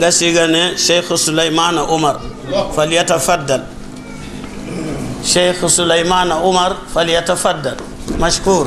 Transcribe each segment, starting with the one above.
nga siga ne cheikh souleymana oumar falyatafaddal cheikh souleymana oumar falyatafaddal mashkour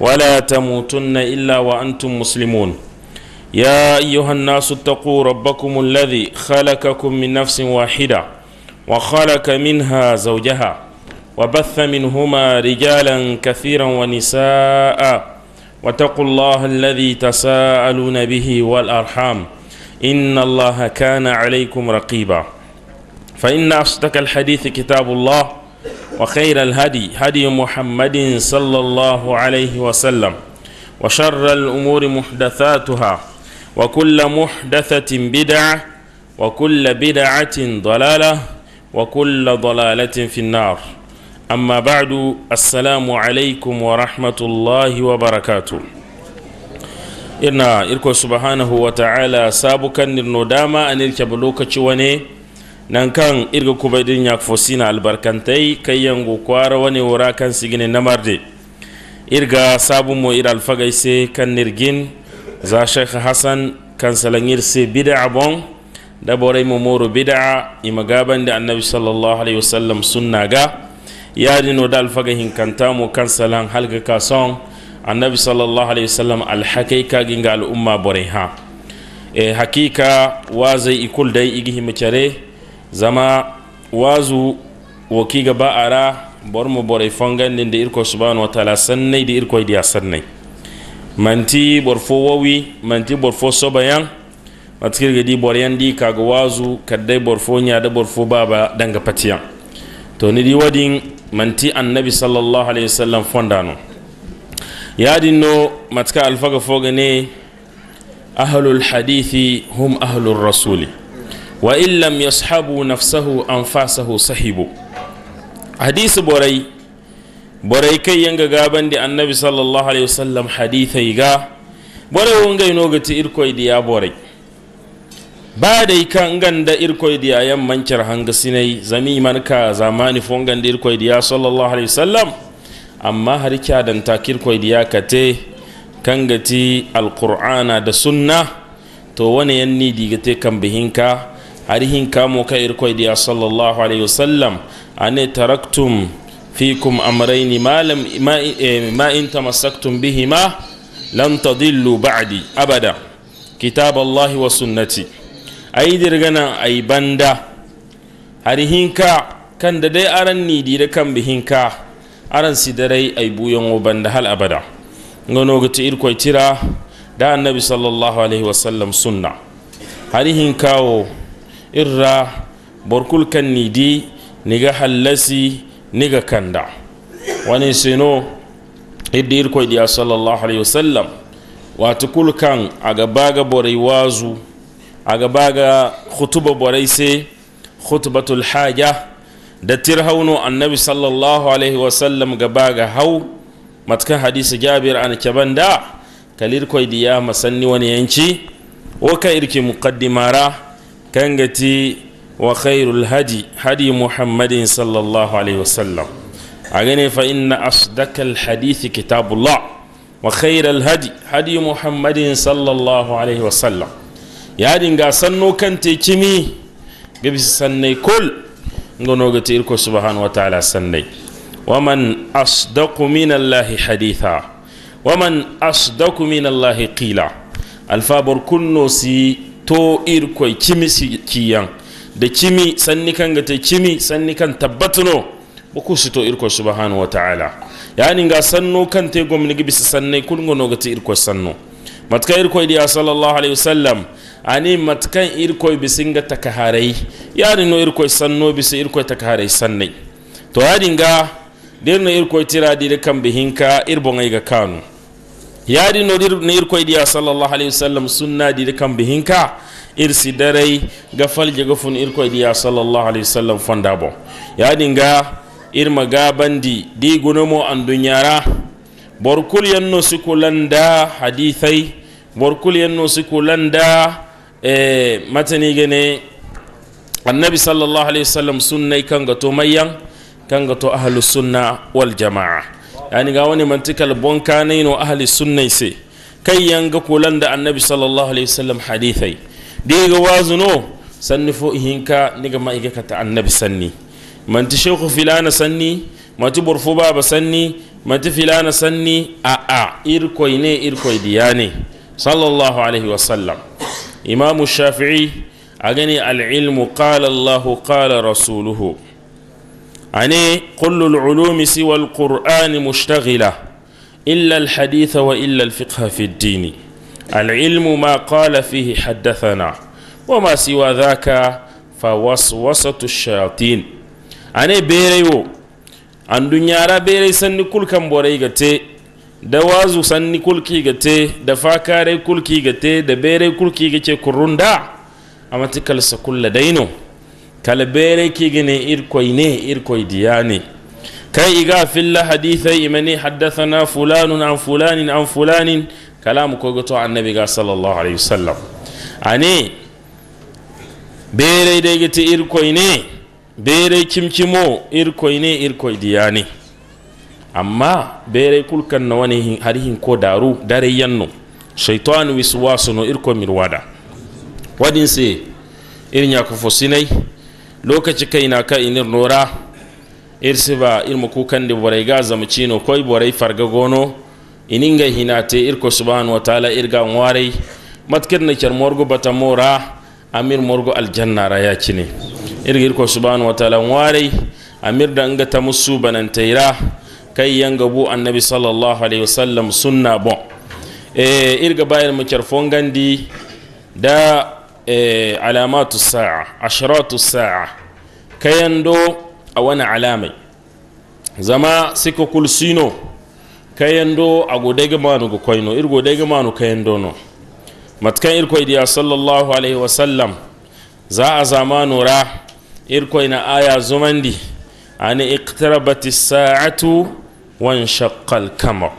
ولا تموتن إلا وأنتم مسلمون يا أيها الناس اتقوا ربكم الذي خلقكم من نفس واحدة وخلق منها زوجها وبث منهما رجالا كثيرا ونساء واتقوا الله الذي تساءلون به والأرحام إن الله كان عليكم رقيبا فإن أصدق الحديث كتاب الله وخير الهدي هدي محمد صلى الله عليه وسلم وشر الأمور محدثاتها وكل محدثة بدعة وكل بدعة ضلالة وكل ضلالة في النار أما بعد السلام عليكم ورحمة الله وبركاته إنا إركو سبحانه وتعالى سابقا الندامة أن إركب لوكتش ونيه nan kan irga kubaidin ya fosina albarkantai kai yango kwara wani wura kan sigine na marde irga sabon mo ir alfagai se kan nirgin za sheikh hasan kan salangir se bid'a bon da borai mo moro bid'a imagaban da annabi sallallahu alaihi wasallam sunna ga yari no da hinkanta mu kan salan halga kason annabi sallallahu alaihi wasallam alhakaika ginga al'umma borai ha e hakika wazai ikul dai igi himicare zama wazu woki ga ba'ara bor mu boray fongan nin de irko subhanahu wa ta'ala sannai de irko diya sannai manti bor fo wawi manti bor fo sobayan matkir ga di bor yandi kaga wazu kaddai bor fo nya da bor fo baba danga patiya to ni di wadin manti annabi sallallahu alaihi wasallam fondano yadin no matka alfaga foga ne ahlul hadithi hum ahlur rasuli wa illam yashabu nafsahu anfasahu sahibu hadisi borai borai kai yanga gaban da annabi sallallahu alaihi wasallam hadithai ga borai wanga ino gati irkoi diya borai ba da kan ganda irkoi diya yan mancar hanga sinai zami manka zamani fongan da irkoi sallallahu alaihi wasallam amma har kya dan takir koi diya kate kan gati alqur'ana da sunna to wani yanni te kan bihinka arihin kamo ka irkoi diya sallallahu alaihi wasallam ane taraktum fikum amraini malam eh, ma in tamassaktum bihima lan tadillu ba'di abada kitab Allah wa sunnati ayi dirgana ayi banda arihinka kan da dai aran ni di kan bihin ka aran si darai ay buyon wo banda hal abada ngono gati irkoi tira da annabi sallallahu alaihi wasallam sunna harihin kawo irra borkul kan nidi niga hallasi niga kanda wani sino idda irko diya sallallahu alaihi wasallam kul kan a gaba ga borai wazu a gaba ga khutuba borai sai khutbatul haja da haunu annabi sallallahu alaihi wasallam gaba ga hau matkan hadisi jabir an kaban da kalir koy diya masanni wani yanci ka irki muqaddimara kangati wa khairul hadi hadi muhammadin sallallahu alaihi wasallam a gane fa inna asdakal hadithi kitabullah wa khairul hadi hadi muhammadin sallallahu alaihi wasallam ya dinga sanno kan kimi gabi sannai kul ngono ga irko subhanahu wa ta'ala sannai waman asdaqu min allahi haditha waman asdaqu min allahi qila alfabar bor kunno si to irkoi cimi kiyan da cimi sanni kan gata cimi sanni kan tabbatano boku sito irko subhanahu wa ta'ala yani ga sanno kan te gomni gibi sanne kun gono gata irkoi sanno matka irkoi diya sallallahu alaihi wasallam ani matkan irko bisinga takaharai yani no irkoi sanno bisa irkoi takaharai sanne to yani ga dirna irkoi tira dire kan bihinka irbon ai ga kanu yaadi noɗir no irkoyɗiya sallllahu alayhi wa sallam sunnaɗiɗe kam ɓe hinka irsi darai ga falje ga fun irkoyɗiya sallllahu sallallahu alaihi sallam fonda bon yaadi nga irma bandi di gunomo an duñara borkul yanno sikulanda hadithay borkul yanno sikulanda e matanigene annabi sallallahu alaihi wasallam sallam sunnay kanga to mayyan kanga to ahlu sunna wal jamaa yani ga wani mantikal bon kanai no ahli sunnai se kai yanga kolan da annabi sallallahu alaihi wasallam hadithai diga wazuno sanni fo ihinka niga ma iga kata annabi sanni manti shekhu filana sanni manti burfu baba sanni manti filana sanni a a irkoi ne irkoi diya ne sallallahu alaihi wasallam imamu shafi'i a gani al'ilmu qala allahu qala rasuluhu ani kullul ulumi siwa alqur'ani mushtaghila illa alhadith wa illa alfiqha fi ad-din العلم ما قال فيه حدثنا وما سوى ذاك فوسوسة الشياطين أنا بيريو an dunyara bere sanni kulkan borai gate da wazu sanni kulki gate da fakare kulki gate da bere kulki gace kurunda a matikal sakulla daino kalbere kigine irkoyne irkoi diyane kai iga filla hadithai imani haddathana fulanun an fulanin an fulanin kalamu goto annabi ga sallallahu alaihi wasallam ane bere dai gita irkoi ne bere kimkimo irkoi ne irkoy diyane amma bere kulkan na wani harihin ko daru dare yanno shaitan wiswasu no irko mirwada wadin se irin ya kufo sinai lokaci kaina ka inir nora irsiba irma da borai ga zamucino koi borai farga gono ininga hinate irko subhanahu wa ta'ala irga warai. matkir na kyar morgo bata mora amir morgo aljanna ra ya cine irga irko subhanahu wa ta'ala warai amir da nga ta musu taira kai yanga bu annabi sallallahu alaihi wasallam sunna bo. e irga bayar mu kyar fongandi da Eh, alamatu sa'a ashiratu sa'a Kayan do a wani alamai zama sika kulsino do a godege manu go koyno ir godege manu kayando no matkan ir kwai diya sallallahu alaihi wa sallam za a zama nura ir kwai na aya zumandi ani iqtarabati sa'atu wa inshaqqal qamar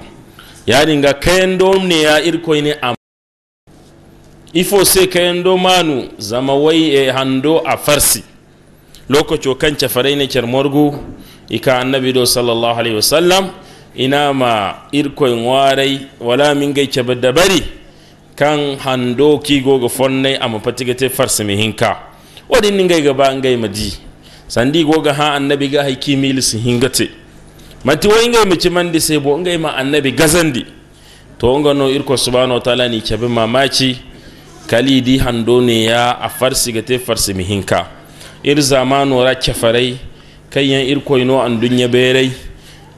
yani ga kayando ne ya ir kwai ne ifo se kayando manu zama wai e hando a farsi lokaci kan cefarai na morgu ika annabi do sallallahu alaihi wasallam ina ma irkoin warai wala min gai ke dabari kan hando kigo ga fonnai a mafatigate farsi mai hinka wadin nin gai gaba an gai maji sandi goga ha annabi ga haiki mil su hingate mati wai ngai mace mandi sai bo ngai ma annabi gazandi to ngano irko subhanahu wa ta'ala ni cabe mamaci kali di hando ne ya a farsi ga te farsi mihinka ir zamanu ra kefarai kayan ir koino an dunya berai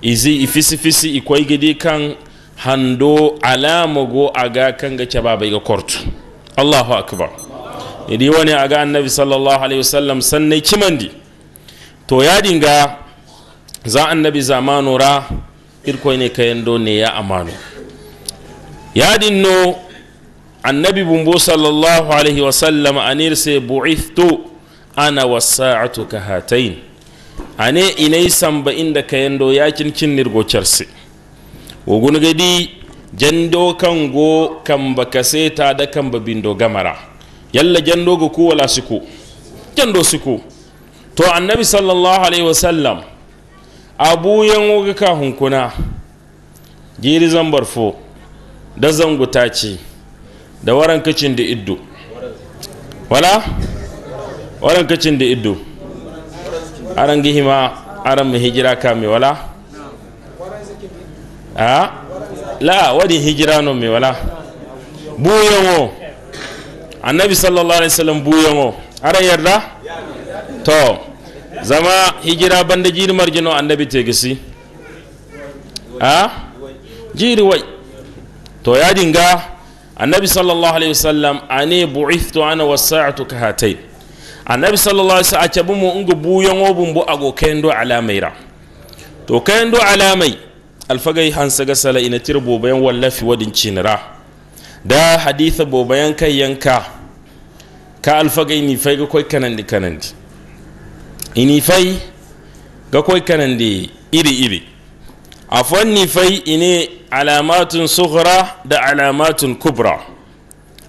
izi ifisi fisi ikwai gidi kan hando alama go aga kan ga caba bai ga kortu allahu akbar idi wani aga annabi sallallahu alaihi wasallam sannai kimandi to ya dinga za annabi zamanu ra ir koine kayan do ne ya amano ya dinno annabi bumbo sallallahu alaihi wasallam anir se bu'ithu ana wasa'atu ka hatain ane inai samba inda kayando yakin kinnir gocarse wogun gadi jando kan go kamba seta da kan ba bindo gamara yalla jando go ko wala siko jando siko to annabi sallallahu alaihi wasallam abu yan ga ka hunkuna jiri zambar fo da zanguta ce da waran kacin da iddo wala waran kacin da iddo aran gihima aran mu hijira ka mai wala a la wadi hijira no mai wala buyango annabi sallallahu alaihi wasallam buyango aran yarda to zama hijira banda jiri marjino annabi gisi a jiri wai to ya dinga annabi sallallahu alaihi wasallam ane bu'ithtu ana wasa'atu ka hatai annabi sallallahu alaihi wasallam acabu mu ungu buyan obun bu ago alamai ra to do alamai alfagai hansa ga sala ina tir bobayan wallafi wadin ra da haditha bobayan kai yanka ka alfagai ni fai ga koi kanandi kanandi ini fai ga koi kanandi iri iri afwan ni fai ine alamatun sukura da alamatun kubra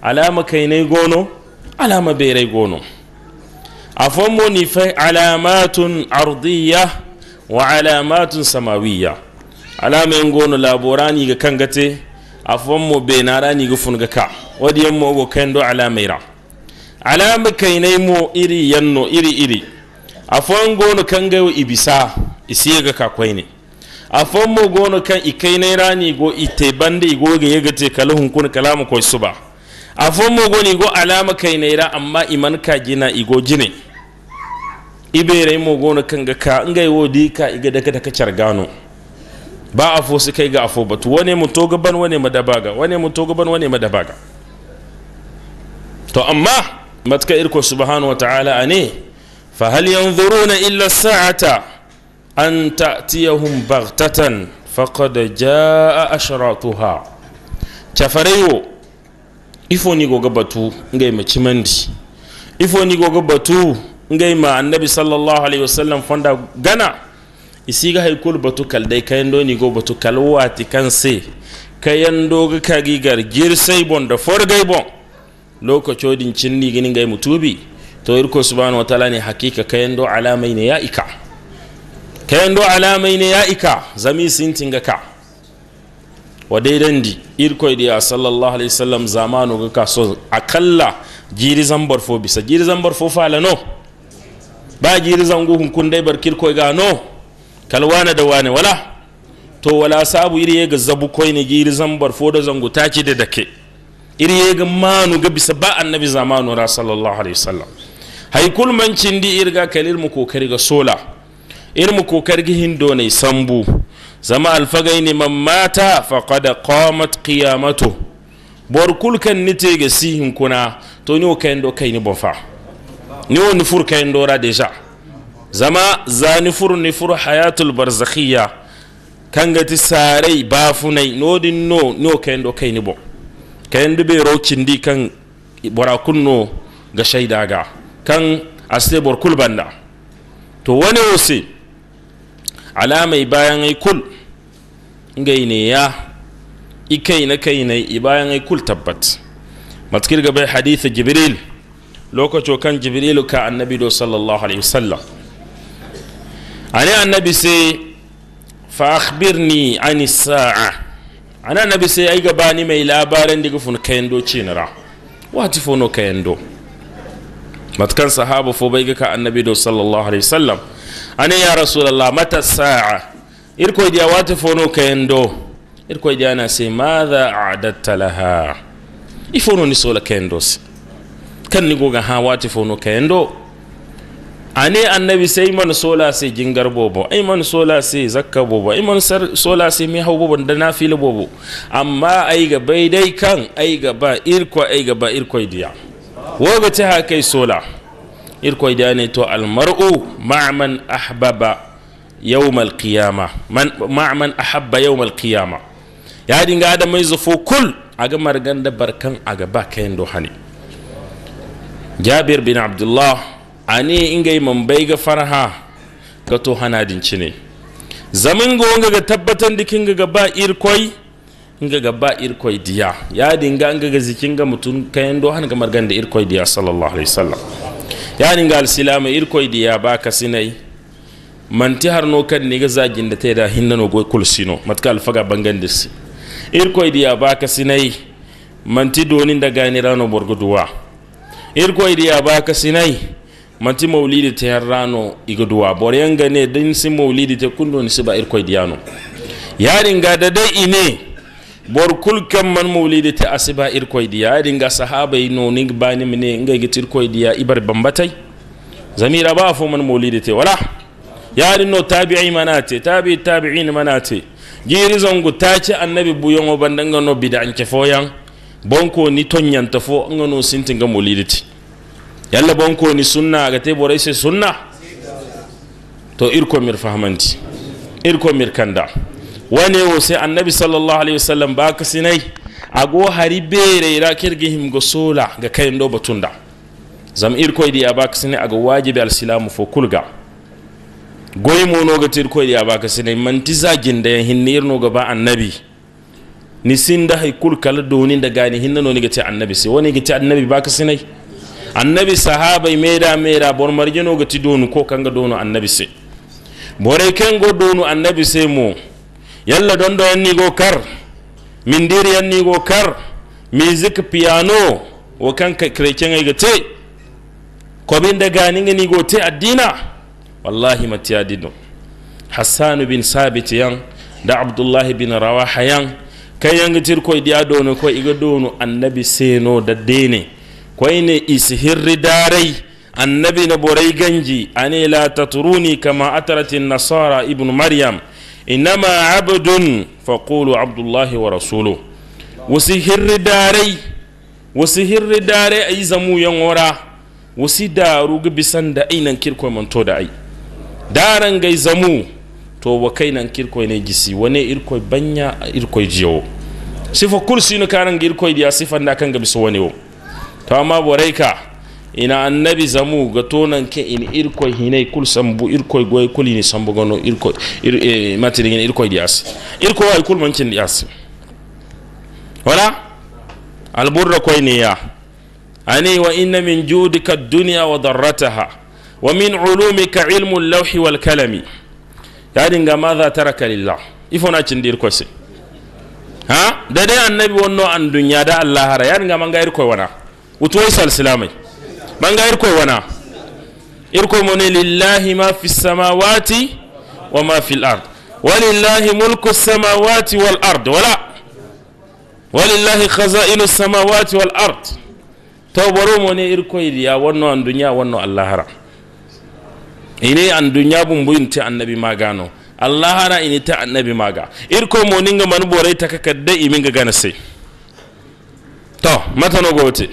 alama kainai gono alama berai gono a mo ni fai alamatun ardiya wa alamatun samawiya alama yin gono laborani ga kan gate afon mo benara ni ga fun ga ka wadiyan mo go kendo alamaira alama kainai mo iri yanno iri iri afon gono kan ga ibisa isi ga kakwai ne a fammo gono kan ikai ne rani go ite bande go ga yaga te kala mu kalamu ko suba a fammo goni go alama kai ne ra amma iman ka gina igo jine rai mo gono kan ga ka ngai wodi ka iga daga daga cargano ba a fosi kai ga afo batu wane mu to gaban wane madabaga wane mu to gaban wane madabaga to amma matka irko subhanahu wa ta'ala ane fa hal yanzuruna illa sa'ata an ta'tiyahum baghtatan faqad jaa ashratuha chafareyo ni goga batu ngai ma cimandi ni goga batu ngai ma annabi sallallahu alaihi wasallam fonda gana isiga haikul batu kal dai kayan do ni go batu kal wati kan se kayan do ga kagi gar gir sai bon da forgai bon din cinni gini ngai mutubi to irko subhanahu ta'ala ne hakika kayan do alamai ne ya ika kayando alamai ne ya ika zami tinga ka wa daidan di irkoi a sallallahu alaihi wasallam zamanu ga kaso kalla jiri zambar fo bisa jiri zambar fo fala no ba jiri zangu hunkun dai bar kirkoi ga no kalwana da wane wala to wala sabu iri ga zabu koi ne jiri zambar fo da zangu ci da dake iri ga manu ga bisa ba annabi zamanu ra sallallahu alaihi wasallam haikul mancin di irga kalir mu kokari ga sola irmu kokargi donai sambu zama ne man mata faqad qamat qiyamatu bor kulkan nite ga sihin kuna to ni o kayndo ni bofa ni o nifur ra deja zama za nufur nufur hayatul barzakhiya kangati sarai bafunai nodin no ni o kayndo kayni bon kayndo be di kan bora kunno ga shaidaga kan aste bor kulbanda to wani o alamai bayan ai kul ngai ne ya ikai na kai ne i bayan ai kul tabbat matkir gaba hadith jibril lokaco kan jibril ka annabi do sallallahu alaihi wasallam ani annabi sai fa akhbirni ani sa'a ana annabi sai ai gaba ni mai labaran diga fun kayan do cinara wati fono kayan do matkan sahaba fo bai ga ka annabi do sallallahu alaihi wasallam ani ya rasulallah mata sa'a irko dia wati fono kendo irko diya na se madha a'datta laha fono ni sola kendo kan ni goga ha wati fono kendo Ani annabi sai man sola sai jingar bobo ai man sola sai zakka bobo ai man sola sai mi hau bobo da na fili bobo amma ai ga bai dai kan a ga ba irkwa a ga ba irko dia Wogata ta ha kai sola da dane to almar'u ma'a man ahbaba yawm alqiyama man ma'a man ahabba yawmal alqiyama ya dinga da mai zufo kul aga marganda barkan aga ba kayan dohani jabir bin abdullah ani ingay man bai ga farha ga to hanadin cine zamin go ga tabbatan dikin ga ga ba irkoi nga ga ba irkoi diya ya dinga nga ga zikin ga mutun kayan dohan ga marganda irkoy diya sallallahu alaihi wasallam yani ga alsilama irkoy diya ba kasinai manti harno kan niga zagin da taida no go kulsino matka alfaga bangandis irkoy diya ba kasinai manti donin da ganirano borgoduwa irkoy diya ba kasinai manti maulidi ta yarrano igaduwa boryan ne din si maulidi ta ni si ba irkoy diyano yarin ga da dai ine bor kul kam man mawlidi ta asiba ir koy diya dinga sahaba yi noni bani mine nga gitir koy diya ibar bambatay zamira ba fo man mawlidi ta wala ya no tabi'i manate tabi tabi'in manate jiri ta ci annabi banda nga no bid'an fo yang bonko ni ta fo nga no nga mawlidi yalla bonko ni sunna ga te borai se sunna to irko mir fahamanti irko mir kanda wane wo sai annabi sallallahu alaihi wasallam ba ka sinai go hari bere ira kirgi him go sola ga kai ndo batunda zam ir koy di ka sinai aga wajibi al silamu fo kulga goy mo no ga tir koy di ka sinai man tiza ginda yan hinnir no ga ba annabi ni sinda hay kul kala doni da gani hinna no ni ga ti annabi sai wani ga ti annabi ba ka sinai annabi sahabai mera mera bor marjino ga ti donu ko kanga donu annabi sai bore kengo go donu annabi sai mo yalla dondo yannigo kar mindiri yannigo kar music piano wo kanka kirecengayga te kobinda ganinganigo te addina wallahi mati adino hasan bin sabit yan da abdullahi bin rawaha yan kan tir ko ɗiya dono ko iga donu annabi seno da dene ko ine hirri darai annabi na borai ganji ani la tatruni kama an nasara ibnu maryam inama abdun kulu abdullahi wa rasulu wasu hirri dare wasi hirri darai ayi zamu yan wara wasi daru ga bisan da ainan kirko manto da ai daran gai zamu to wa kai nan kirko ne gisi wane irko banya irko jiyo sifa kursi no karan irko dia sifan na kan ga wani wane ta ma amma boraika ina annabi zamu ga tonan ke in irkoy hinay kul sambu irkoi goy kul ni sambu gono irkoy ir, e, matini irko irkoy dias irkoy ay kul mankin dias wala alburra koy ni ya ani wa inna min judika dunya wa darrataha wa min ulumika ilmu al-lawh wal kalami yadi nga madha taraka lillah ifona cindir koy se ha dade annabi wonno an dunya da allah hara yadi nga manga irkoy wana utoy sal silamai banga irko wana irko mone lillahi ma fi samawati wa ma fi al-ard walillahi mulku samawati wal ard wala walillahi khaza'inu samawati wal ard tawbaro mone irko ya wonno an dunya wonno allah hara ine an dunya bumbu inte annabi magano allah hara ini ta annabi maga irko moninga man borai takakadda iminga ganase to mata matano gote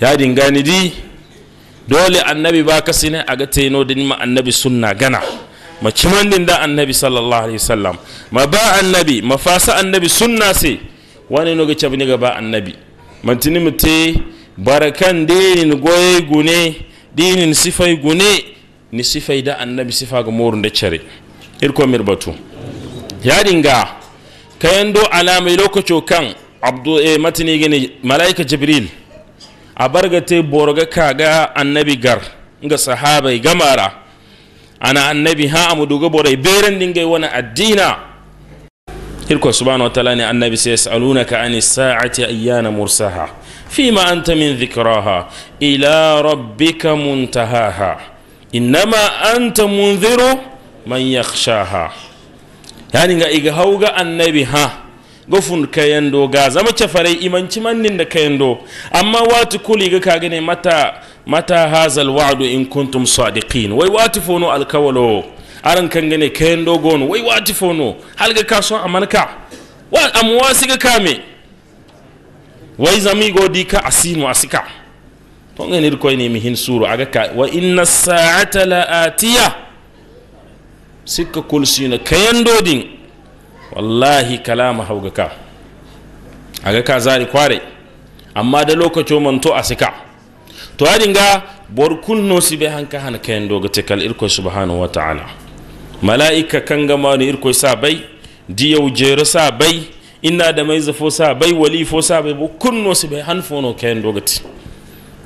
ya dingani di dole annabi ba ka sine a ga taino din ma annabi sunna gana ma ciman din da annabi sallallahu alaihi wasallam ma ba annabi ma fasa annabi sunna se wani no ga cabni ga ba annabi mantini mutte barakan dinin goye gune dinin sifai gune ni sifai da annabi sifa ga morun da cire irko mirbatu ya dinga kayan do alamai lokacin kan abdu eh, matini gini malaika jibril a bargate boroga kaga annabi gar nga sahabai gamara ana annabi ha amuduga borai beren dinga wani addina hirko subhanahu wa ta'ala ne annabi sai yas'alunaka ani sa'ati ayyana mursaha fima anta min dhikraha ila rabbika muntahaha innama anta munziru man yakhshaha yani nga iga hauga annabi ha gofun kayando ga zama cafarai imanci mannin da kayando amma wati kuli ga kaga ne mata mata hazal wa'du in kuntum sadiqin wai wati fono alkawalo aran kan gane kayando gono wai wati fono hal ga kaso amanka wa amwa siga kame wai zami godi ka asimu asika to ngani ko ne mihin suru aga ka wa inna sa'ata la atiya sikka kulsina kayando din wallahi kalama ga ka ga ka zari kware amma da lokacin manto a sika to dinga borkun nosi bai hanka hana kayan doga tekal irkoi subhanahu wa ta'ala mala'ika kan gama ni irko sa bai diyau jero sa bai ina da mai zafo sa bai wali fo sa bai bo kunno sibe hanfono kayan doga ti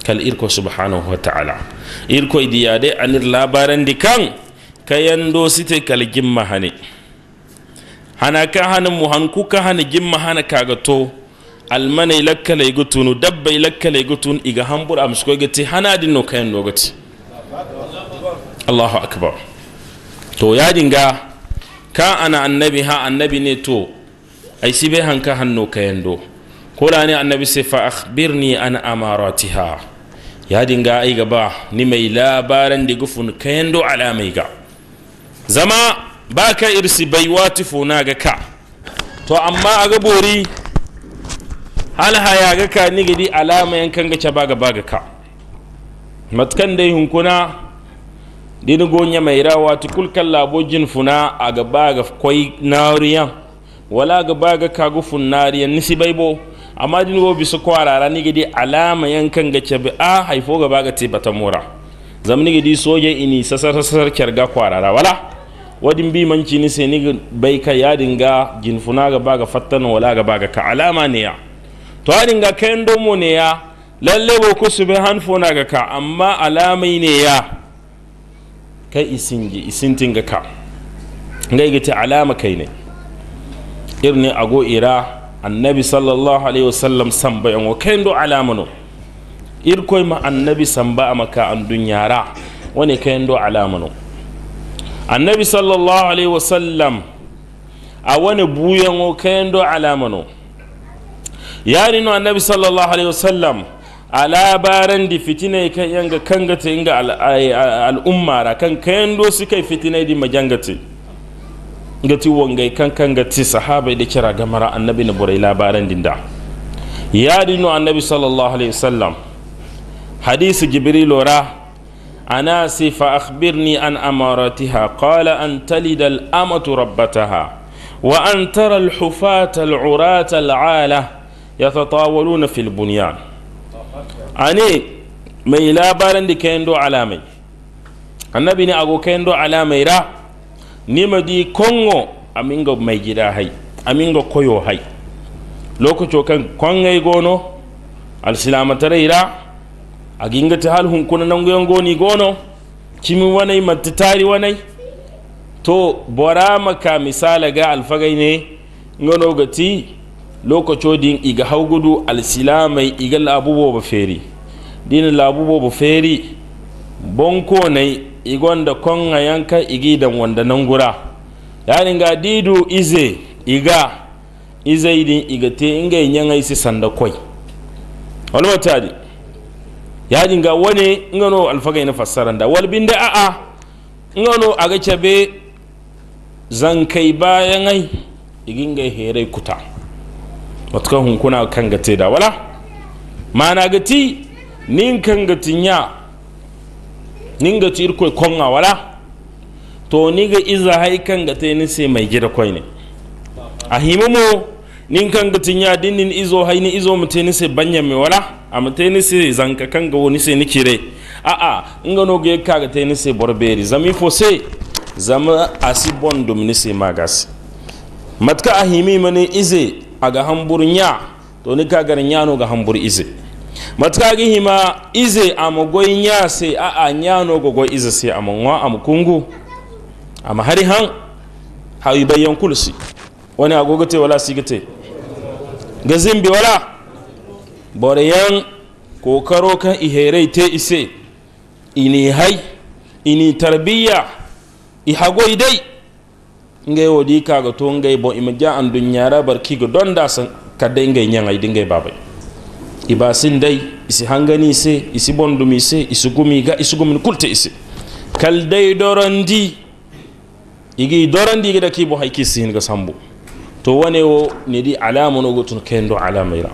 kal irko subhanahu wa ta'ala Irkoi diya dai anir labaran dikan kayan dosi site kalgin mahane hana ka hana mu han ka hana gimma hana kaga to almana ilakka lay gutunu dabba ilakka lay gutun iga hambur am sko gati hana din no kayan no Allahu akbar to ya dinga ka ana annabi ha annabi ne to ai sibe hanka hanno kayan do da ne annabi sai fa akhbirni an amaratiha ya dinga ai gaba ni mai labaran da gufun kayan do alamai ga zama ba ka irsi bai wati funa ga ka to amma a ga bori halha ga ka ni gidi alama yankan ga ca baga baga ka matkan dai hunkuna dini gonya mai rawa ta kulkan labojin funa a ga baga kwai nariyan wala ga baga kagu funnariyan nisi bai bo amma dini go bisu kwarara ni gidi alama yankan ga ca bi a haifo ga baga te bata mura zamni gidi soje ini sasar sasar kyarga kwarara wala wadin bi manci ni sai ni bai ka ya ga ginfuna ga baga fattana wala ga baga ka alama ne ya to yadin ga kayan domo ne ya lalle bo ku su bi hanfona ga ka amma alamai ne ya kai isin tin ga ka ngai ga ta alama kai ne irni ago ira annabi sallallahu alaihi wasallam san bayan wa kayan do alama no irkoi ma annabi san ba maka an dunyara wani kayan do alama no annabi sallallahu alaihi wasallam a wani buyan o kayan do alamano annabi sallallahu alaihi wasallam a labaran da fitinai kan yanga kangata inga al'umma ra kan kayan do di majangata wangai kan da kira gamara annabi na burai labaran dinda annabi sallallahu alaihi wasallam hadisi jibril ra أناسي فأخبرني عن أمارتها قال أن تلد الأمة ربتها وأن ترى الحفاة العراة العالة يتطاولون في البنيان أني مي لا بارن كيندو علامي annabi ne ago kayan do را نيما دي كونغو أمينغو kongo aminga mai gida hai aminga koyo hai lokaco kan kongai gono alsilamatarai ra a ta hal hunkuna goyon goni gono kimi wani mattitari wani to bora maka misala ga alfagai ne ngano gati lokacodin iga haugudu alsilamai iga labubo ba feri dina labubo ba feri bonko ne da kwanga yanka igi da wanda nan gura yani ga didu ize iga iga igate inga yangai si sanda koi wani matadi yajinga wani ngano fassaran da walbin da aa ngano aga bayan ai igin ga herai kuta kuna hunkuna kanga da wala mana gati nin kanga tinya nin gati kon konga wala to ga iza hai kan gate ni sai mai gida koyne a himamo nin kan gatin ya dinin izo haini izo mutai ni se banya me wala a mutai ni se zanka kan ga wani sai ni rai a a in no ga yaka ga tai ni se borberi zami fo se zama asi bondum ni se magas matka ahimi mani ize ga hambur nya to ni ka gar nya no ga hambur ize matka gi hima ize amagoi nya sai a a nya no go go ize a amonwa amkungu a hari han hawi bayan kulsi wani agogate wala sigate ga zimbi wala yan kokaro kan iherai te ise ini hai ini i ihagoi dai ngai wodi ga to ngai bo imja an dunyara barki ga da san dai ngai nyangai dingai babai ibasin dai isi hangani se isi bondumi se isi gumi ga isi gumi kulte ise kal dai dorandi igi dorandi ga da kibo haiki sin ga sambo to wane wo di alama no gotun kendo alama ira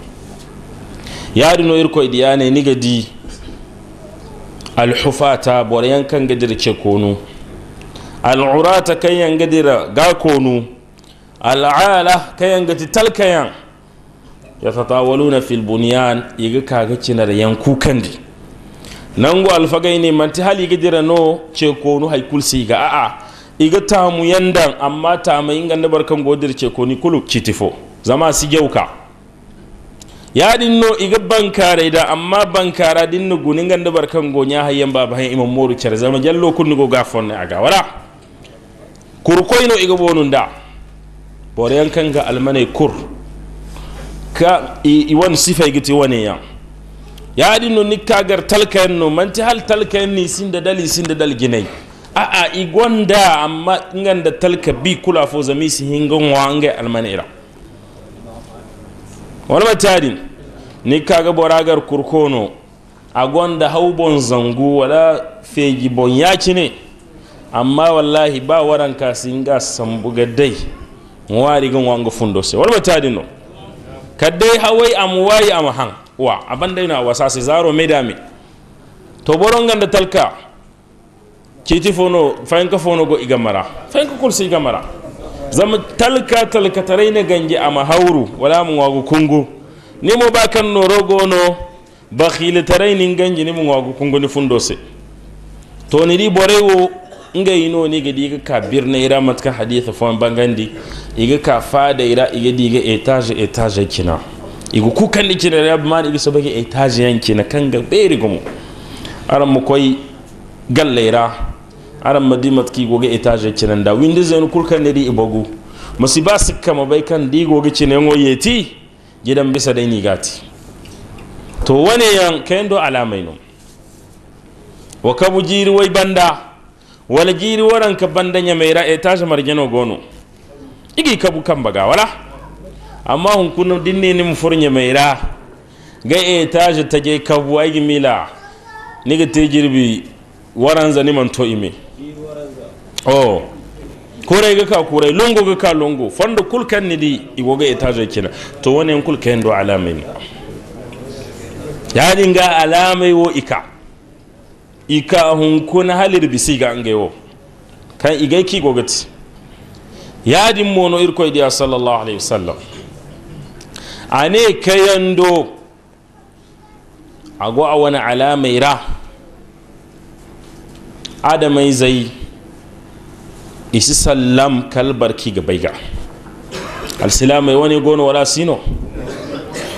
yaadi no irko idi e yane niga di alhufata bore yankan gadir ce konu al'urata kayan gadira ga konu al'ala kayan gati talkayan ya tatawaluna fil bunyan iga kaga cinar yanku kandi nan go alfagai ne manti hali gadira no ce konu haikul si ga a'a iga tamu yandan amma tama inga na barkan godir ce ko ni kulu kitifo zama si jauka ya dinno iga bankare da amma bankara dinno gunin ganda barkan gonya hayyan ba bayan imam moru char zama jallo kunni go gafon ne aga wala kurkoino iga bonun da bore yankan ga almanai kur ka iwan sifa igiti ti wane ya dinno nikka gar talkayen no manti hal talkayen ni sin da dali sin da dal ginai a'a gwanda amma da talka bi kula fo zami si hingan wa almani almanira wala batadin ni kaga boragar kurkono a hau haubon zangu wala fegi bon ci ne amma wallahi ba waran kasin ga sambuga dai wari gan wanga fundo se wala batadin no kadai hawai amwai amhan wa abanda yana wasa se zaro dame to boron ganda talka kiti fono fanka fono go iga mara fanka kursi iga mara zama talka talka tarai na ganji a mahauru wala mun wagu kungu ni mo ba kan rogo no bakhili tarai nin ganje ni mun wagu kungu ni se to ni ri borewo nga yino ni ga diga ka birne ira matka haditha fon bangandi iga ka fada ira iga diga etage etage kina igu kukan dikira rab man iga sabake etage yankina kanga beri gumu aran mu koy gallera aran madimatki goga etaje cinanda windi zenu kulkan ne di ibogu masiba kama bay kan di goge goga cinengo yeti gidan bisa dai ni gati to wane yan kendo alamai no wa kabu jiri wai banda wala jiri waran ka banda nya mai ra etage marjano gono igi kabu kan baga wala amma hun kunu dinne ni mufurnya mai ra ga etage ta je kabu ai mila ni ga te jirbi waran zani man to ime oh kore ga ka kore lungu ga ka lungu fanda kulkan ni di igo ga etaje kina to wani 'yan kulkan do ne. ya dinga alamai wo ika ika hun kuna halir bisi ga an wo kan igai ki gogati ya din mono irko idiya sallallahu alaihi wasallam ane kayan ago a wani ra. adamai zai isi sallam ki ga baiga alsilam mai wani gono wala sino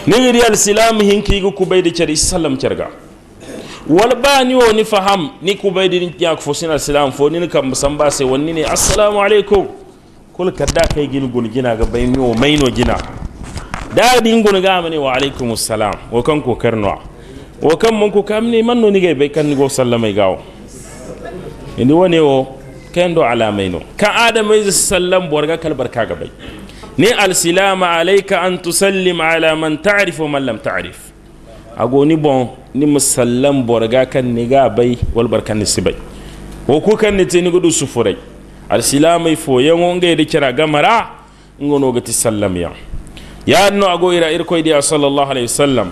ni nigiri alsilam ki ga kubai da kyar isi sallam ga wal ba ni wa ni faham ni kubai da ya ku fosin alsilam fo ni kan musan ba sai wani ne assalamu alaikum kul kadda kai gin gulgina ga bai mi wo maino gina da din gun ga mane wa alaikum assalam wa kan ko karno wa kan mun ko kam ne manno ni ga bai kan ni go sallamai gawo indi wani wo Kayan kendo alamaino kan adamai sallam borga kalbar ka gabai ni alsilama alayka an tusallim ala man ta'rif wa man lam ta'rif agoni bon ni musallam borga kan ni ga bai wal barkan ni sibai wo ku kan ni tini gudu sufurai alsilama fo yango ngai da kira gamara ngono gati sallam ya ya no ago ira irko dia sallallahu alaihi wasallam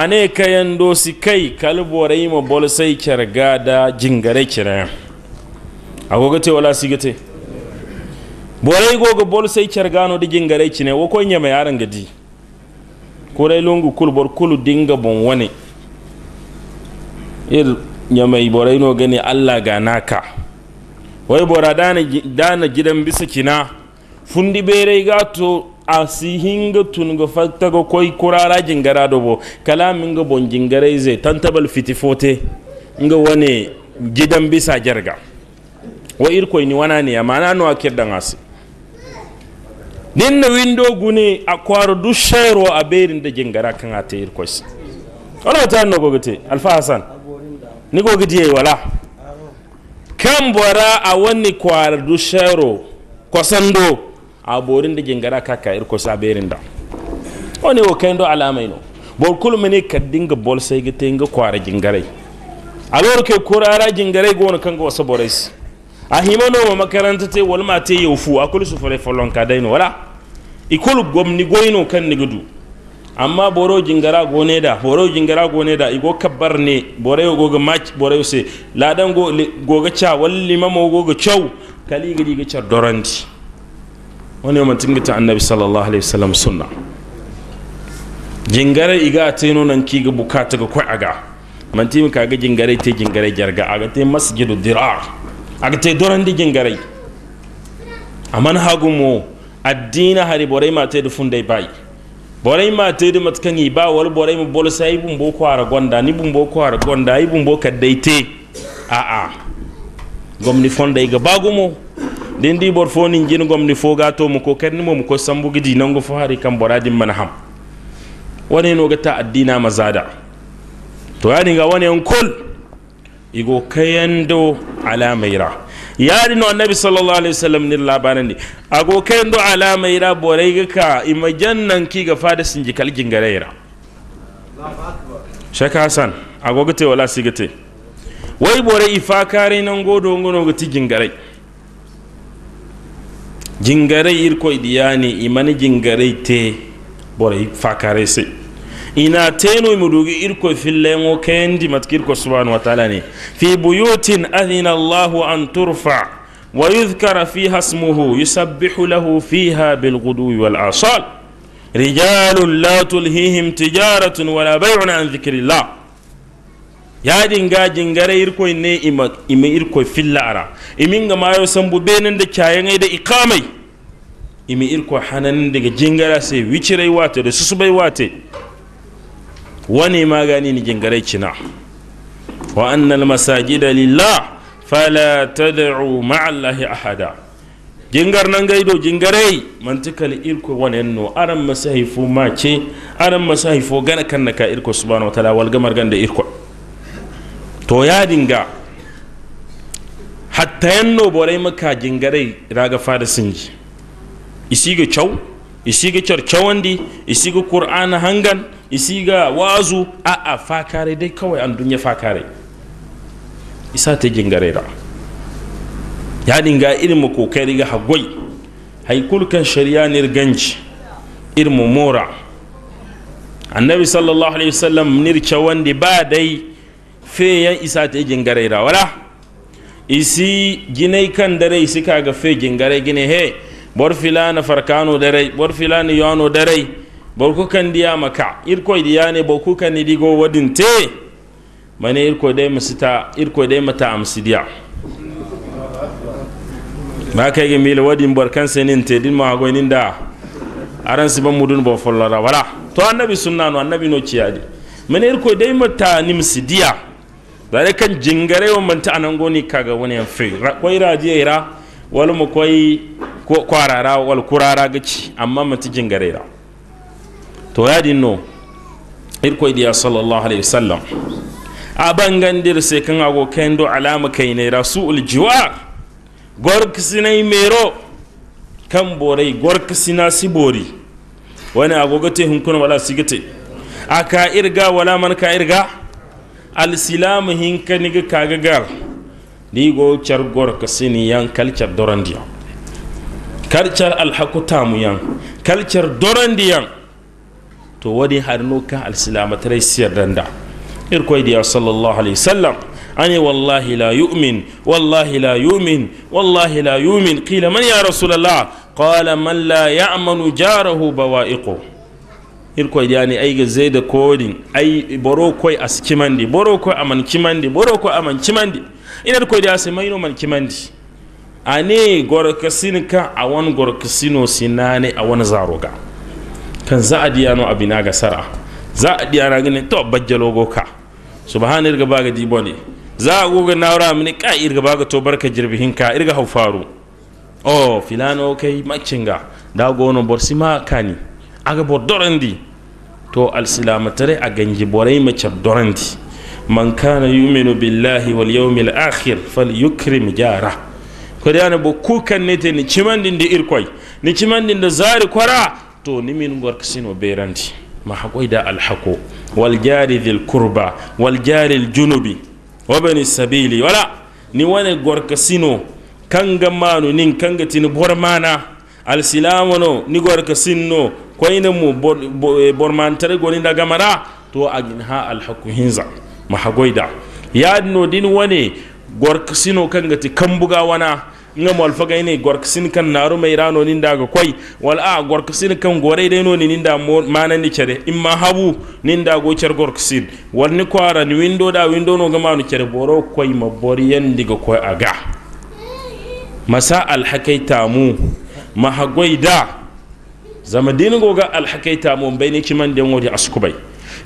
ane kayan dosi kai kalborai ma sai kirga da jingare kiraya te wala siga te borai goga bol sai da digin gare kine wo konya mai yaran gadi longu lungu bor kulu dinga bon wane il nya mai borai no gani Allah ga naka wai bora dana dana gidan bisa kina fundi bere gato a sihinga tun ga fatta ga koi kurara jingara bo kalamin ga bon jingare zai tantabal fitifote nga wane gidan bisa jarga wa irko ni wananiya mana no a kirdangasi nin na windo guni a kwaro du shairo a berin da jingara kan a irko irkoy wala ta no gogite alfa hasan ni gogite wala kan bora a wani kwaro du shairo kwasando a borin da jingara kaka irko a berin da wani wo kendo alamai no bor kulmini ka dinga bol sai ga tenga kwara jingarai alor ke kurara jingarai gona kan ga wasa borais a no ma makaranta te ma te fu akul su fare folon ka daino wala ikul gomni goino kan nigudu amma boro jingara gone da boro jingara gone da igo kabbar ne bore yo goga match bore yo se ladan go goga cha walli mamo goga chau kali gidi ga char doranti wani mun tingita annabi sallallahu alaihi wasallam sunna jingare iga teno nan ki ga bukata ga kwai aga man timi kaga jingare te jingare jarga aga te masjidu dirar agate dorandi jingarai aman hagumo addina hari borai te dufun dai bai borai te du matkan yi ba wal borai mu bol sai bun bo kwara gonda ni bun bo kwara gonda ai bun bo te a a gomni dai ga bagumo den di bor fo jin gomni foga to mu ko kadni mu ko sambu gidi nango fo hari kan boradin manham wani no ga ta addina mazada to yani ga wani on kol. igo kayando ala mayra yaari no annabi sallallahu alaihi wasallam nir ni ago kayando ala mayra ga ka ima ki ga fada ji kal jingareyra shek hasan ago gate wala sigate wai borai ifa kare nan godo ngono gati jingarey jingarey irko idiyani imani jingare te borai fakare sai ina tenu mudugi irko fillengo kendi matkirko subhanahu wa ta'ala ni fi buyutin adhina Allah an turfa wa yuzkara fiha ismuhu yusabbihu lahu fiha bil ghudwi wal asal rijalun la tulhihim tijaratun wala bay'un an dhikrillah yadin gajin gare irko ne ima irko filla ara imin ga mayo sambu benin da kyayen ai da iqamai imi irko daga jingara sai wicirai wate da susubai wate Wani gani ni cina. wa annal masajid lillah fala tad'u ma'a allahi ahada jingar nan gaido jingarai mantikal irko wanen no aran masahifo mace aran masahifo gana kan naka irko subhanahu wa ta'ala wal gamar ganda irko to ya dinga hatta yanno borai maka jingarai raga fada sinji isiga chau isiga charchawandi isiga qur'ana hangan isiga wazu a a fakare dai kawai an dunya fakare isa ta gingare da ya dinga irin mu kokari ga hagwai haikulkan shari'a ganci irin mu mora annabi sallallahu alaihi wasallam nirce wanda ba dai feyan isa ta gingare da wala isi ginai kan dare isi ga fe gingare gine he bor filana farkano dare bor filana yano dare borku kan diya maka irko diya ne borku kan ni digo wadin te mane irko dai musita irko dai mata amsi diya ma kai ga mil wadin barkan senin te din ma hago nin da aran ban mudun bo follara wala to annabi sunna no annabi no ciyadi mane irko dai mata nimsi diya dare kan jingare wa manta anan goni kaga wani yan fe koi raje ra wal mu koi kwarara wal kurara gaci amma mata jingare ra to yaɗin no irkoy ɗiya alaihi alayhi a sallam abangandir sai kan ago kendo alama ne rasul jiwa gorkisinai mero kan borai gorkisina sibori wani agogote hunkun wala sigate aka irga wala man ka irga alsilamu hinka niga kagagar go char gorkisini yan kalchar dorandiyan kalchar alhaku tamu yan kalchar dorandiyan to wadi harno kan alsilamatare siyar danda irkoy diya sallallahu alaihi sallam, an yi wallahi la yu'min wallahi la yu'min wallahi la yu'min kila man ya rasulullah qala man la ya'manu jarahu bawa'iqu irkoy diya ni zai da kodin ai boro koy kimandi boro a man kimandi boro a man kimandi inar koy diya sai maino man kimandi ane gorkasin kan a wani gorkasino sinane a wani zaroga kan za a diyano abina ga sara za a diyana ganin to bajjalo go ka subhanir ga baga dibone za a goga wura mini ka irga baga to barka jirbihin ka irga haufaru oh filano kai macinga da gono borsima kani aga bor dorandi to alsilamatare a ganji borai macar dorandi man kana yuminu billahi wal yawmil akhir falyukrim jara ko da ne bo kukan ne te ni cimandin da irkoi ni cimandin da zari kwara to ni min gorko sino berandi ma hakoyda alhako wal jari dhil kurba wal jari junubi wabani sabili wala ni wane gorko sino kanga manu nin kanga tini bormana silamu no ni gorko sinno koyne mu bormantare goni daga mara to agin ha alhaku hinza ma hakoyda yadno din wane gorko sino kanga ti kambuga wana nga mol faga ne gork sin kan naru mai rano nin daga koi wal a gork sin kan gore dai no nin da manan ni cere imma habu nin da go cer gork sin wal ni kwara ni windo da windo no ga manu cere boro koi ma bori yan diga koi aga masa al hakaita mu ma hagoi da zama go ga al hakaita mu bai ne kiman den wodi askubai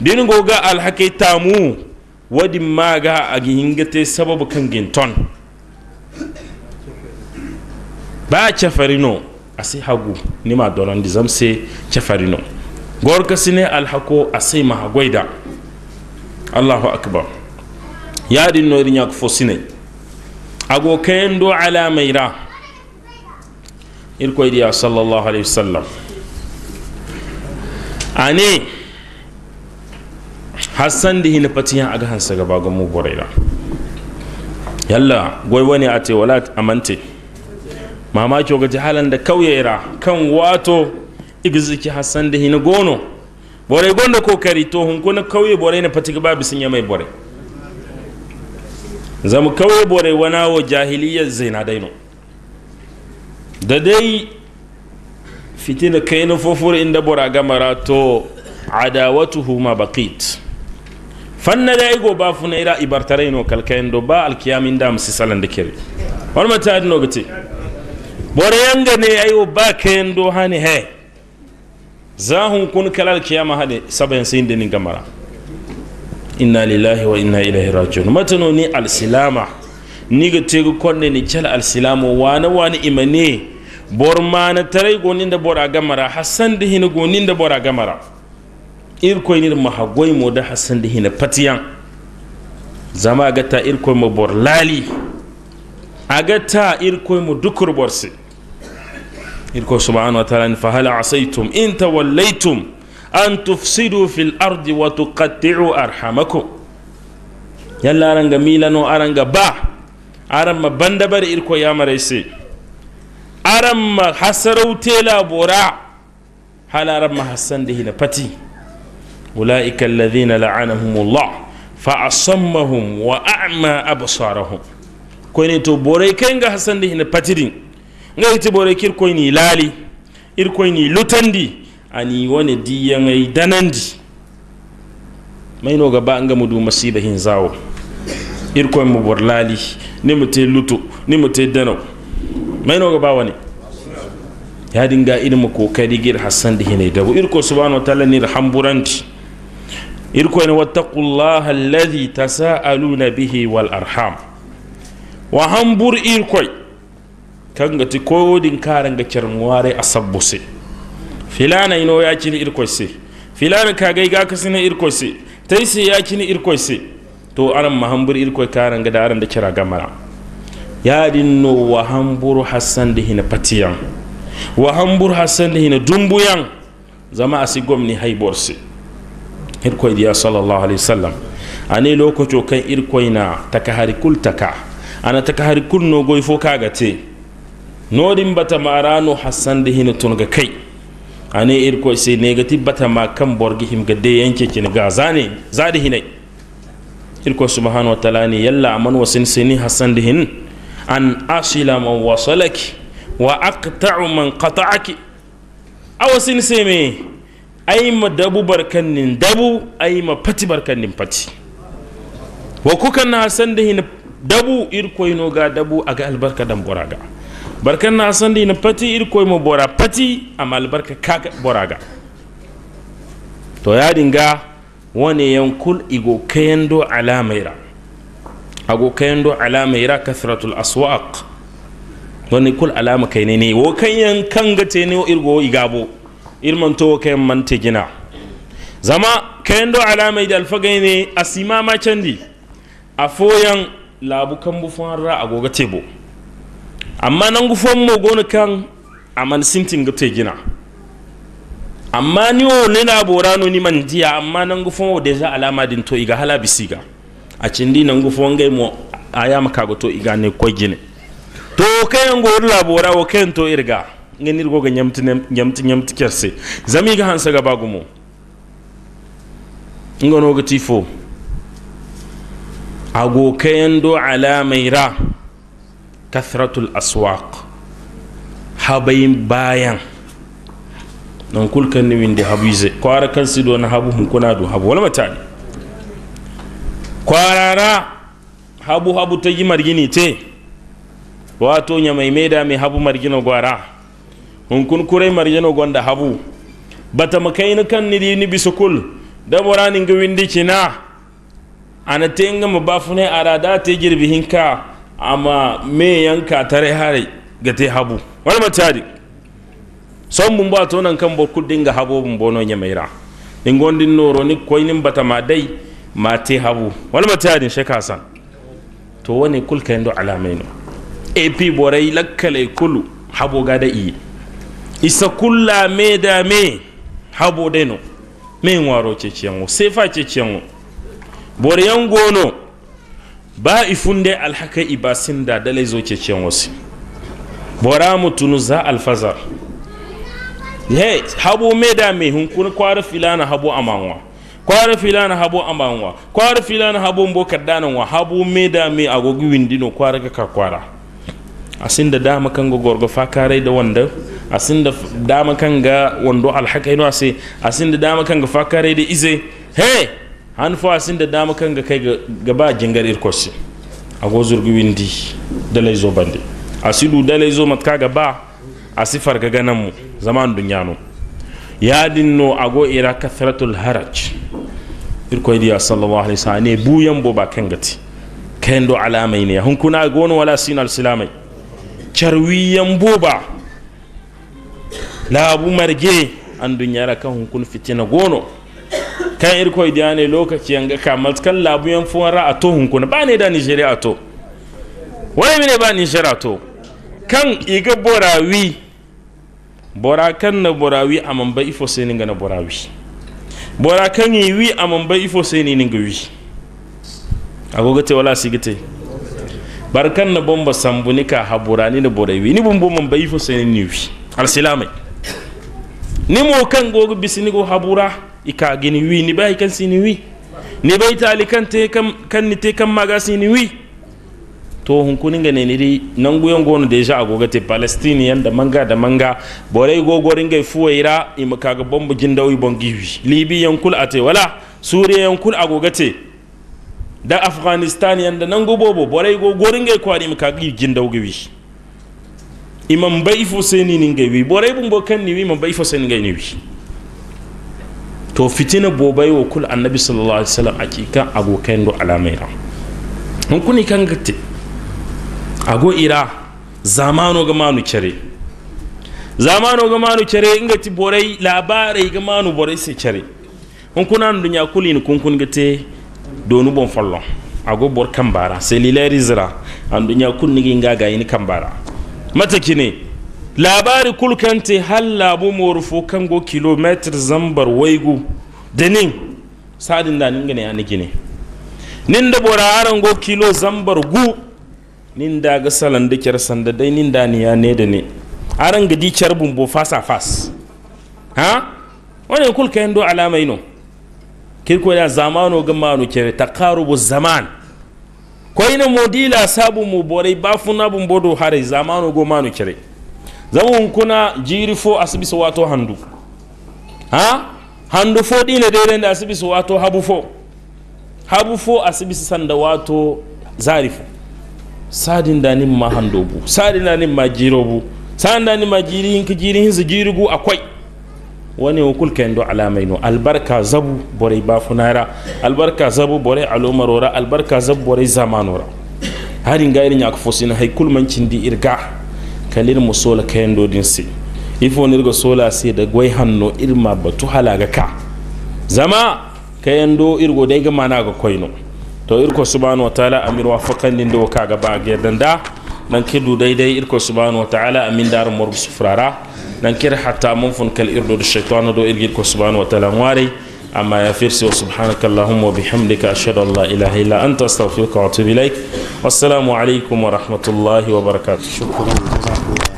go ga al hakaita mu wadi maga a hingate sababu kan ginton ba cefarino asi hagu nima donondi zamse cefarino gorka sine alhako asai mahagoida allahu akbar yaɗin noiri ya kufo sine ago kayen do ala sallallahu alaihi wasallam a wa sallam da hini fati patiya aga gaba ga mu da. yalla goy a te wala amante mamaki ga halin da kauyera kan wato igiziki hassan da hini gono bore gonda kokari to hunko na kauye bore na fatiga ba bisin ya mai bore zama kauye bore wana wa jahiliyar zaina daino da dai fitina kai na fofur inda bora gamara to adawatuhu huma baqit fanna da igo ba funa ira ibartare no kalkayen do ba alkiyamin da musi salan da kere wani mata no bore yangane ayo ba kayan do hani he zahun kun kalal kiyama hade sabayan sin denin gamara inna lillahi wa inna ilaihi rajiun matano ni alsilama ni ga tegu ne ni cal alsilamo wana wani imane bor mana tarai gonin da bora gamara hasan da hina gonin da bora gamara irkoi ni goy mo da hasan da pati patiyan zama gata irkoi mo bor lali agata irkoi mo dukur borsi irko subhanahu wa ta'ala fa hal asaytum in tawallaytum an tufsidu fil ardi wa tuqatti'u arhamakum yalla aranga milano aranga ba aramma bandabar irko yamarayse aramma hasarautela bora hal aramma hassande hina pati ulaika alladhina la'anahumullah fa asammahum wa a'ma absarahum koyne to boray kenga hassande hina nga ti bore kir koy ni lali ir koy ni lutandi ani wone di yangay danandi mai no gaba nga mudu masiba hin zawo ir koy mu bor lali ni mu te lutu ni mu te dano mai no gaba wani ya dinga ilmu kadi gir hassan da dabo ir irko subhanahu wa ta'ala ni rahamburanti koy ne wattaqullaha alladhi tasaaluna bihi wal arham wa hambur irkoi kanga ti ga karanga cermuware a sabbo se filana ino yacini irkoy se filana ka ga kasina irkoy se tay se ya irkoy se to aran mahambur irkoi irkoy ga da da kira gamara ya no wa hambur hassan da hina patiyan wa hambur hassan da hina dumbuyan zama asi gwamni haibor se irkoy diya sallallahu alaihi wasallam ane lokaco kan irkoy na takaharikul taka ana takaharikul no goy fo kaga te noodin bata maarano hassande hina ton ga ani ane irko se negati bata ma kam borgi himga yanke cine ga zane zade hinay irko subhanahu wa taala ni yalla aman wasin sini hassande hin an asila man wasalaki wa aqta'u man qata'aki awasin seme ay ma dabu barkannin dabu ay ma pati barkannin pati wa kukan na hassande hin dabu ino ga dabu aga albarka dan boraga barkan na san na pati ir koy mo bora pati amma albarka kaga boraga to ya dinga wani yankul igo kayando alamaira ago kayando alamaira kathratul aswaq wani kul alama kai ne ne wo yan kan gate ne irgo igabo irman to kayan te gina zama kayando alamai da alfagai ne asima ma candi a foyan labu kan bufan ra agoga tebo amma nan gufon mu gona kan a man sintin te gina amma ni o ne na borano ni man diya amma nan gufon o deja alama din to iga hala bisiga a cindi nan gufon ngai mo aya maka go to iga ne ko gine to kai ngo labora o kai to irga ngenir go ga nyamti nyamti nyamti kerse zami ga hansa ga bagumo ngono ga tifo ago kayan do alamaira kathratul aswaq habayin bayan don kulkan ni windi habu zai kwara kan su do na habu hunkuna kuna do habu wani matani kwarara habu habu ta yi margini te wato nya mai maida mai habu margina gwara hun kun kurai margino gonda habu bata ni kan ni ni bisukul da morani ngi windi kina ana ne a rada ta girbi hinka amma me yanka tare hare ga te habu wani matari son mun ba nan kan bo kudin ga habu mun bono nya ra in gondin noro ni koinin bata ma dai ma te habu wani matari shaka san to wani kulka ndo alamaino ap borai lakkale kulu habu ga da yi isa kulla me da me habu deno me waro ce ciyanwo sefa ce ciyanwo boriyan gono ba ifunde alhaka da dalai zo cecen wasu bora mutunu za alfazar he habo meda mai hunkuna kwara filana habo amanwa kwara a habo amanwa kwara na habu mbokar dananwa habo meda mai agogi windino kwara ga ka kwara asin da dama kan ga gorgo fakarai da wanda asin da dama kan ga wando alhaka ino a asin da dama kan ga fakarai da izai hey an fo asin da dama kan ga kai ga ba jingar irkosi a go zurgi windi dalai zo bande sidu dalai zo matka ga ba a sifar ga ganan mu zaman dunyano ya dinno a go ira kathratul haraj irkoy diya sallallahu alaihi wasallam ne buyan bo ba kan gati kayan do alamai ne hun kuna ga wani wala sinal silamai bo ba labu marge an dunyara kan hun kun fitina gono kan irko ne lokaci yanga kamar kan labu yan fuwara a to hunkuna ba ne da nijeri a to wani ne ba nijeri a to kan iga borawi bora kan na borawi a mamba ifo sai ninga na borawi bora kan yi wi a mamba ifo sai ni ninga wi te wala sigite barkan na bomba ni ka habura ni na borawi ni bumbu mamba ifo sai ni wi alsilamai ni mo kan gogo bisini go habura ika gini wi ni bai kan sini wi ni bai tali kan te kan kan ni te kan maga sini wi to hun kuni ga ne ni nan guyon gono deja agoga te palestinian da manga da manga Borei gogorin ga fuwaira imaka ga bombu jindawi libi libiyan kul ate wala suriyan kul agoga te da afghanistan yanda nan gubobo borai gogorin ga kwani imaka ga jindawi imam bai fo seni ninga wi borai bumbo kan ni wi imam bai fo seni ga ni wi to fitina bobai wa kul annabi sallallahu alaihi wasallam akika abokan do alamaira mun kuni kan gatte ago ira zamano ga manu kere zamano ga manu kere inga ti borai labarai ga manu borai sai kere mun kuna dunya kulin kun kun gatte donu bon fallo ago bor kambara sai lilari zira an dunya kun ni ga ga yin kambara mata kine labari kulkante hal labu morfo kango kilometer zambar waigu da nin sadin da nin gane aniki ne nin da bora aran go kilo zambar gu nin da ga salan da kyar sanda dai nin da ni ya ne da ne aran gadi kyar bumbo fasa fas ha wani kulka yando alama ino kirko da zamano ga manu kere karubu zaman ko ina modila sabu mu borai bafuna bumbodo hare zamano go manu kere zamun kuna jiri fo asibi so wato handu ha handu fo dina daidai da asibi so wato habu fo habu fo asibi sanda wato zarifu sadin da nin ma hando bu sadin da nin ma jiro bu sadin da nin ma jiri hinka jiri su jiri gu akwai wani hukul yin do alamai no albarka zabu bore ba funara albarka zabu bore alomarora albarka zabu bore zamanora harin ga irin ya kafo sin haikul mancin di irga kalir mu sola kayan dodin si ifo nirga sola si da gwai hannu irma tu halaga ka zama kayan do irgo dai gama na ga koino to irko subhanahu wataala amir fakan din do kaga ba ga danda nan kidu daidai irko subhanahu wataala amin dar morbu sufrara nan kir hatta mun fun irdo da shaytanu do irgi irko subhanahu wataala أما يا يصفون وسبحانك اللهم وبحمدك أشهد أن لا إله إلا أنت أستغفرك وأتوب إليك والسلام عليكم ورحمة الله وبركاته شكرا